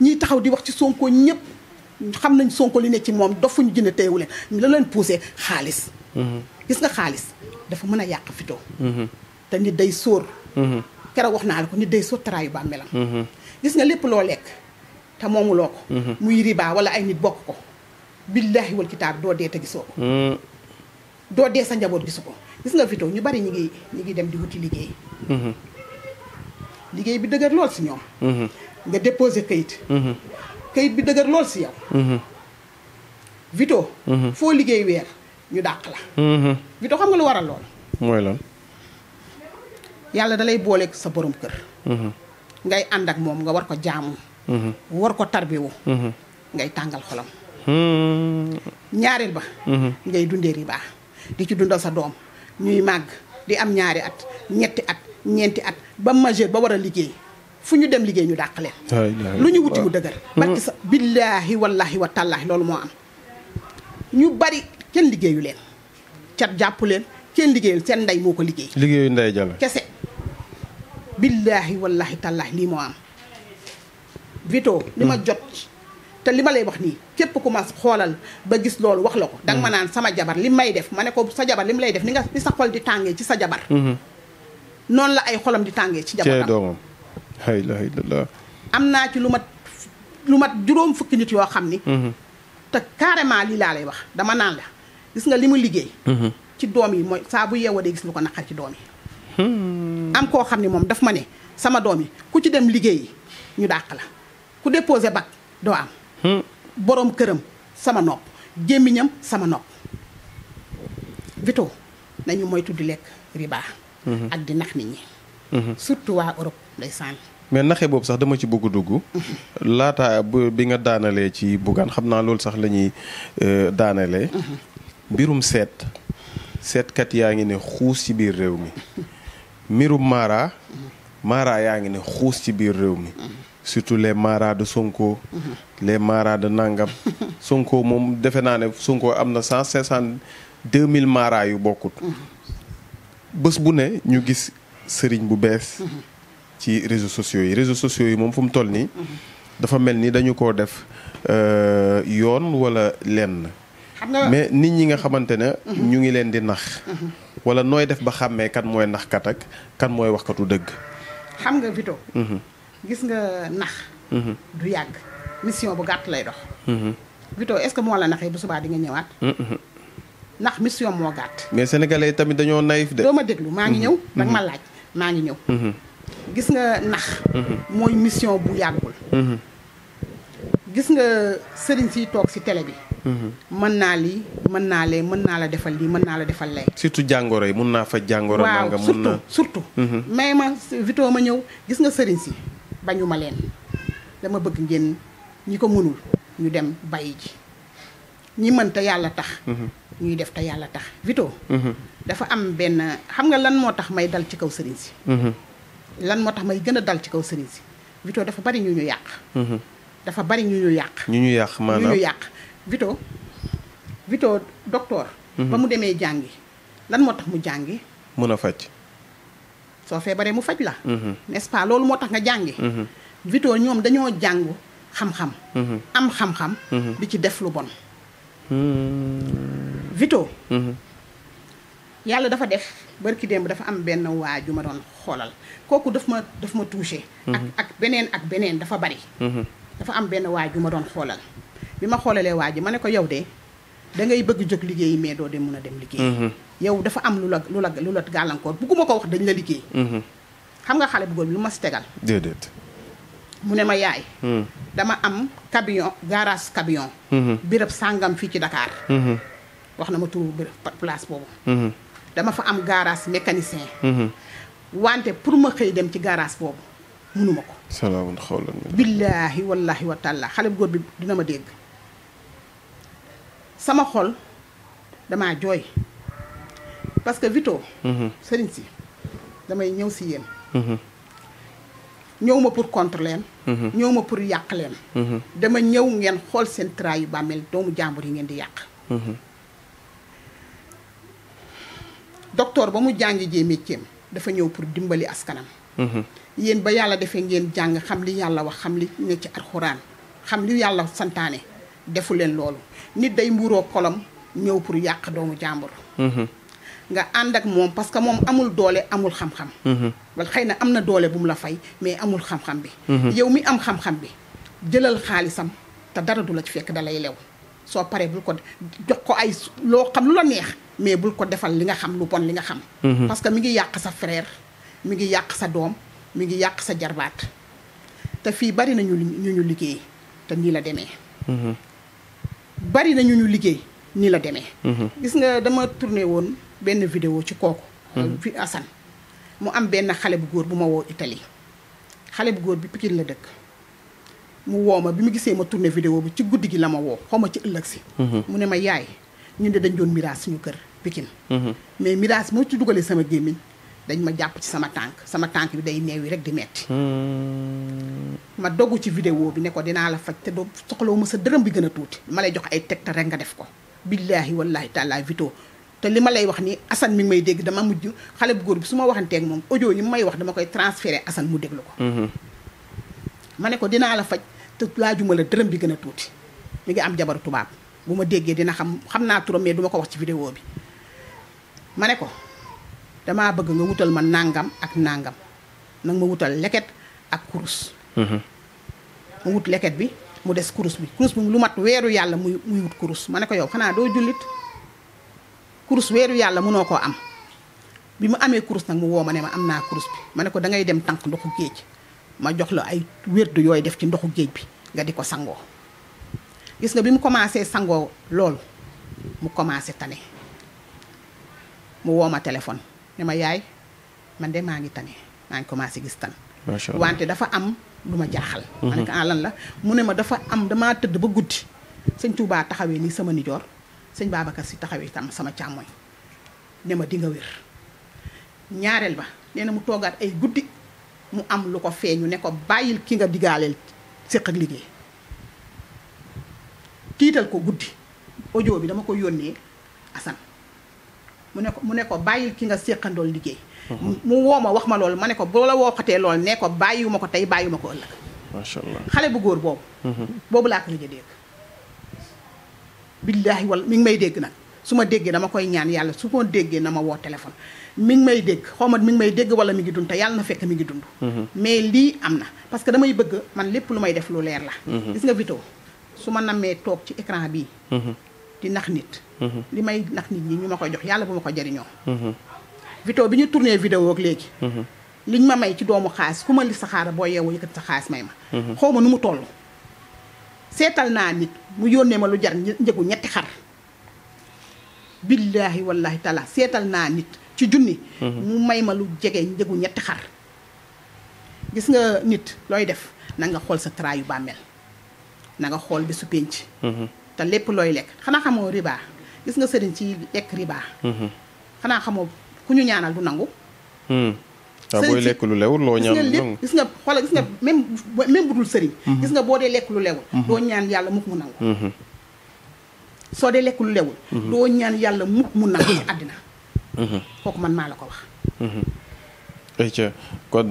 ñiy taxaw di wax ci sonkoo ñëpp xam nañ Sonko li ne ci moom dofuñu jënd teewu leen la leen poussé xaalis. Mhm. gis nga xaalis dafa mën a yàq fitoo mhm. te nit day sóor. Mhm. keroog wax naa la ko nit day sóor taraayu bàmmelam. gis nga lépp loo lekk te moomuloo ko. muy riba wala ay nit bokk ko. billaahi wal kitaab doo dee te gisoo ko. doo dee sa njaboot gisu ko gis nga fitoo ñu bari ñu ngi ñu ngi dem di wuti liggéey. liggéey bi dëgër lool si ñoom. nga déposé kayit. Mhm. kayit bi dëgër lool si yow. Mhm. Vito. Mhm. foo liggéey weer ñu dàq la. Vito xam nga lu waral lool. mooy lan. yàlla da lay sa borom kër. ngay ànd ak moom nga war ko jaamu. war ko tarbiwu. ngay tàngal xolam. ñaareel ba. ngay dundee riba di ci dundal sa doom ñuy màgg di am ñaari at ñetti at ñeenti at ba majeur ba war a liggéey. fu ñu dem liggéey ñu dàq leen lu ñu wuti mu dëgër barki sa billaahi wallaahi wa tallaahi loolu moo am ñu bari kenn liggéeyu leen cat jàpp leen kenn liggéeyul seen ndey moo ko liggéey liggéeyu ndey jala kese billaahi wallaahi tallaahi lii moo am Vito li ma mm. jot te li ma lay wax nii képp ku ma xoolal ba gis loolu wax la ko danga ma mm. naan sama jabar li may def ma ne ko sa jabar li mu lay def ni nga sa xol di tàngee ci sa jabar mm-hmm. noonu la ay xolam di tàngee ci jabaram am naa ci lu mat lu mat juróom fukki nit yoo xam ni. Mm-hmm. te carrément lii laa lay wax dama naan la gis nga li mu liggéey. Mm-hmm. ci doom yi mooy saabu bu yeewoo de gis lu ko naqar ci doom yi. Hmm. am koo xam ne moom daf ma ne sama doom yi ku ci dem liggéeyi ñu dàq la ku déposé bac doo am. Hmm. boroom këram sama nopp gémmiñam sama nopp. Vito nañu moytu di lekk riba. Mm-hmm. ak di nax nit ñi. surtout waa Europe ndeysaan mais naxe boobu sax dama ci bëgg dugg. laata bi nga daanalee ci buggaan xam naa loolu sax la ñuy euh, daanalee. mbirum seet. seetkat yaa ngi ne xuus ci biir réew mi. mbirum mara. mara yaa ngi ne xuus ci biir réew mi. surtout les maras de Sonko. les maras de Nangam. Sonko moom defe naa ne Sonko am na cent cinquante deux mille maras yu bokkut. bés bu ne ñu gis sëriñ bu bees ci réseaux sociaux yi réseau sociaux yi moom fu mu toll nii dafa mel ni dañu ko def euh, yoon wala lenn mais nit ñi nga xamante ne mhm. ñu ngi leen di nax mhm. walla nooy def ba xàmmee kan mooy naxkat ak kan mooy wax katu dëgg xam nga Vito mhm. gis nga nax du yàgg mission bu gàtt lay dox Vito est-ce que moo la naxee bu subaa di nga ñëwaat ndax mission moo gàtt mais sénégalais tamit dañoo naïf de doo ma déglu maa ngi ñëw danga ma laaj maa ngi ñëw mm-hmm. gis nga nax mm-hmm. mooy mission bu yàggul mm-hmm. gis nga sëriñ siy toog ci tele bi mën naa lii mën naa lee mën naa la defal lii mën naa la defal lay surtout jàngoro yi mun naa fa jàngoro waaw nga mun na surtout may ma Vito ma ñëw gis nga sëriñ si bañuma leen dama bëgg ngeen ñi ko mënul ñu dem bàyyi ji ñi mën te yàlla tax ñuy def te yàlla tax Vito. Mhm. dafa am benn xam nga lan moo tax may dal ci kaw sëriñ si. Mhm. lan moo tax may gën a dal ci kaw sëriñ si Vito dafa bari ñu ñu yàq. Mhm. dafa bari ñu ñu yàq. ñu ñu yàq maanaam yàq Vito. Vito docteur. ba mu demee jàngi lan moo tax mu jàngi. mën a faj. soo feebaree mu faj la. nest loolu moo tax nga jàngi. Vito ñoom dañoo jàngu xam-xam. am xam-xam. di ci def lu bon. Hmm. Vito. Mm-hmm. yàlla dafa def barki démb dafa am benn waa ju ma doon xoolal kooku daf ma daf ma touché. Mm-hmm. ak ak beneen ak beneen dafa bari. Mm-hmm. dafa am benn waa ju ma doon xoolal bi ma xoolalee waa ji ma ne ko yow de da ngay bëgg jóg liggéeyi mais doo de mun a dem liggéey. yow dafa am lu la lu la lu la gàllankoor bugguma ko wax dañ la liggéey. xam nga xale bu góor bi lu ma si tegal. déedéet. mu ne ma yaay. Mm. dama am camion garage camion. béréb sàngam fii ci Dakar. wax na ma turu place boobu. Mhm. dama fa am garage mécanicien. Mhm. wante pour ma xëy dem ci garage boobu munuma ko. salaamun xawlan billaahi wallaahi wa taala xale bu góor bi dina ma dégg. sama xol damaa jooy parce que Vito. Mhm. sëriñ si damay ñëw si yéen. ñëw ma pour contre leen. ñëw ma pour yàq leen. dama ñëw ngeen xool seen tra yu bàmmeel doomu jàmbur yi ngeen di yàq. docteur ba mu jàng jee métier dafa ñëw pour dimbali askanam. Mhm. yéen ba yàlla defee ngeen jàng xam li yàlla wax xam li ne ci alxuraan xam li yàlla santaane defu leen loolu nit day mburoo kolom ñëw pour yàq doomu jàmbur. Mhm. nga ànd ak moom parce que moom amul doole amul xam-xam. Mhm. wala xëy na am na doole bu mu la fay mais amul xam-xam bi. yow mi am xam-xam bi jëlal xaalisam te dara du la ci fekk dalay lew soo paree bul ko jox ko ay loo xam lu la neex. mais bul ko defal li nga xam lu bon li nga xam. Mhm. parce que mi ngi yàq sa frère mi ngi yàq sa doom mi ngi yàq sa jarbaat te fii bari na ñu ñu liggéey te nii la demee. Mhm. bari na ñu ñu liggéey nii la demee. Mhm. gis nga dama tourné woon benn vidéo ci kooku. Euh, fi Assane mu am benn xale bu góor bu ma woo Italie xale bu góor bi Pikine la dëkk. mu woo ma bi mu gisee ma tourné vidéo bi ci guddi gi la ma woo xaw ma ci ëllëg si. mu ne ma yaay ñun de dañ doon miraas suñu kër. Pikine mhm. mais mirage moo ci dugalee sama gémmiñ dañ ma jàpp ci sama tànk sama tànk bi day neew yi rek di metti hmm. ma dogu ci vidéo bi ne ko dinaa la faj te doo soxlawu ma sa dërëm bi gën a tuuti ma lay jox ay tegtal rek nga def ko billaahi wallaahi taalaa vidéo te li ma lay wax ni Assane mi may dégg dama mujj xale bu góor bi su ma waxanteeg moom audio yi may wax dama koy transféré Assane mu déglu ko mhm. ma ne ko dinaa la faj te laajuma la dërëm bi gën a tuuti mi ngi am jabaru tubaab bu ma déggee dina xam xam naa turam mais duma ko wax ci vidéo bi ma ne ko damaa bëgg nga wutal ma nàngam ak nàngam nag ma wutal leket ak kurus mu mhm. wut leket bi mu des kurus bi kurus bi lu mat weeru yàlla muy muy wut kurus ma ne ko yow xanaa doo jullit kurus weeru yàlla mënoo ko am bi mu amee kurus nag mu woo ma ne ma am naa kurus bi ma ne ko dangay dem tànk ndoxu géej ma jox la ay wérdu yooyu def ci ndoxu géej bi nga di ko sangoo gis nga bi mu commencé sangoo loolu mu commencé tane mu woo ma téléphone ne ma yaay man de maa ngi tane maa ngi commencé gis tan wante dafa am lu ma jaaxal mhm. ma ne ko ah, lan la mu ne ma dafa am damaa tëdd ba guddi sëñ Touba taxawee ni sama nijoor sëñ Babacar si taxawee tam sama càmmoñ ne ma dinga nga wér ñaareel ba nee mu toggaat ay guddi mu am lu ko feeñu ne ko bàyyil ki nga digaaleel séq liggéey tiital ko guddi audio bi dama ko yónnee Assane mu ne ko mu ne ko bàyyil ki nga séqandool liggéey mhm. mu woo ma wax ma loolu ma ne ko boo la wooxatee loolu ne ko bàyyiwu ma ko tey bàyyiwuma ko ëllëg xale bu góor boobu mhm. boobu laa ko gëj a dégg billaahi wala mi ngi may dégg nag su ma déggee dama koy ñaan yàlla su ma déggee na ma woo téléphone mi ngi may dégg xaw ma mi ngi may dégg wala mi ngi dund te yàlla na fekk mi ngi dund mhm. mais lii am na parce que damay bëgg man lépp lu may def lu leer la gis nga vidéo su ma nammee toog ci écran bii li may nax nit ñi ñu ma koy jox yàlla bu ma ko jëriñoo mm-hmm. Vito bi ñu tourné vidéo ak léegi mm-hmm. liñ ma may ci doomu xaalis ku ma li saxaara boo yeewoo yëkkati sa xaalis may ma mm-hmm. xaw ma nu mu toll seetal naa nit mu yónnee ma lu jar njëgu ñetti xar billaahi seetal naa nit ci junni may ma lu jege ñetti xar gis nga nit looy def nanga xool sa tra yu bàmmeel na xool bi su pénc te lépp looy lekk xanaa xamoo ribaa gis nga sëriñ ci lekk riba. Mhm. xanaa xamoo ku ñu ñaanal du nangu. Hmm. sëriñ si ah, booy loo ñaan gis nga lépp gis nga xoolal gis nga hmm. bu dul sëriñ. Hmm. gis nga boo dee lekk lu lewul. doo ñaan yàlla mukk mu nangu. soo dee lekk lu lewul. doo ñaan yàlla mukk mu nangu ci àddina. kooku man maa la ko wax.